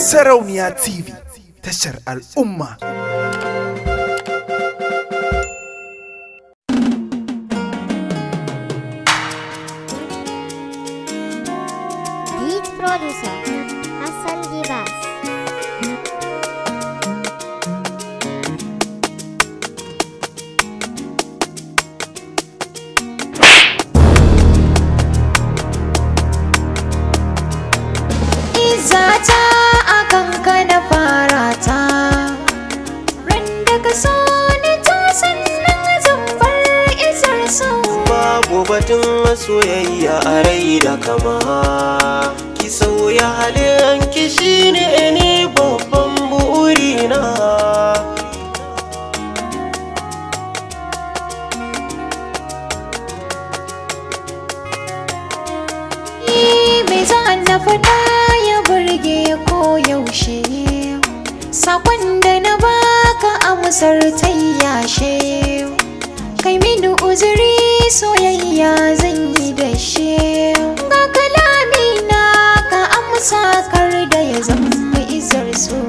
Sarauniya TV tashar al'umma. Lead producer Hassan Gibas. batun soyayya a rai da kama ki sauya halin ki shine ne babban burina mai za'an na faɗa ya burge ko yaushe sakon da na baka amsar ta yashe kai mini uzuri soyayya zan yi da shi ga kalami na ka amsa kar da ya zama izar so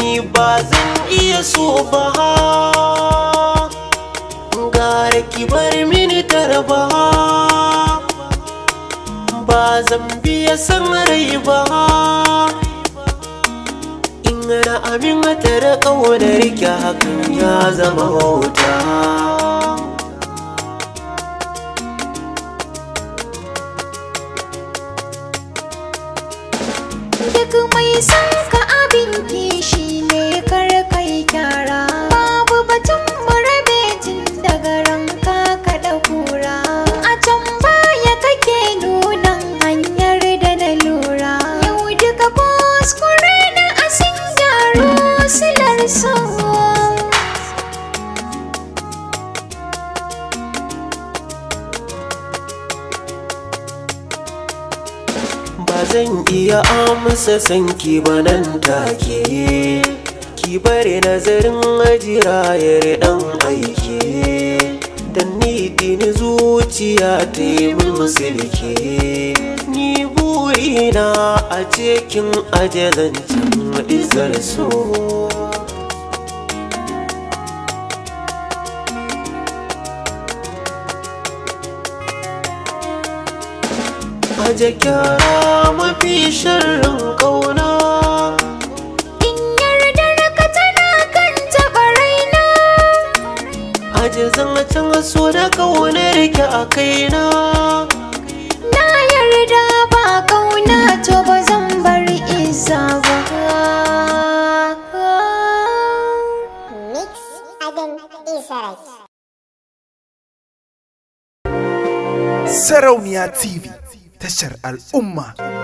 ni ba zan iya so ba gara ki bar mi ba zan biya san rai ba in abin tare kawo da rike hakan ya zama wauta zan iya amsa sanki ba nan take ki bare nazarin ajira yare dan aiki dan ni din zuciya ta yi min musulki ni burina a cikin ajalancin izar so haje kyara mafi sharrin ƙauna in yardar ka tana kan taɓa raina haje zan can so da ƙaunar ki a kaina na yarda ba ƙauna to ba zan bar isa ba Sarauniya TV tashar al'umma.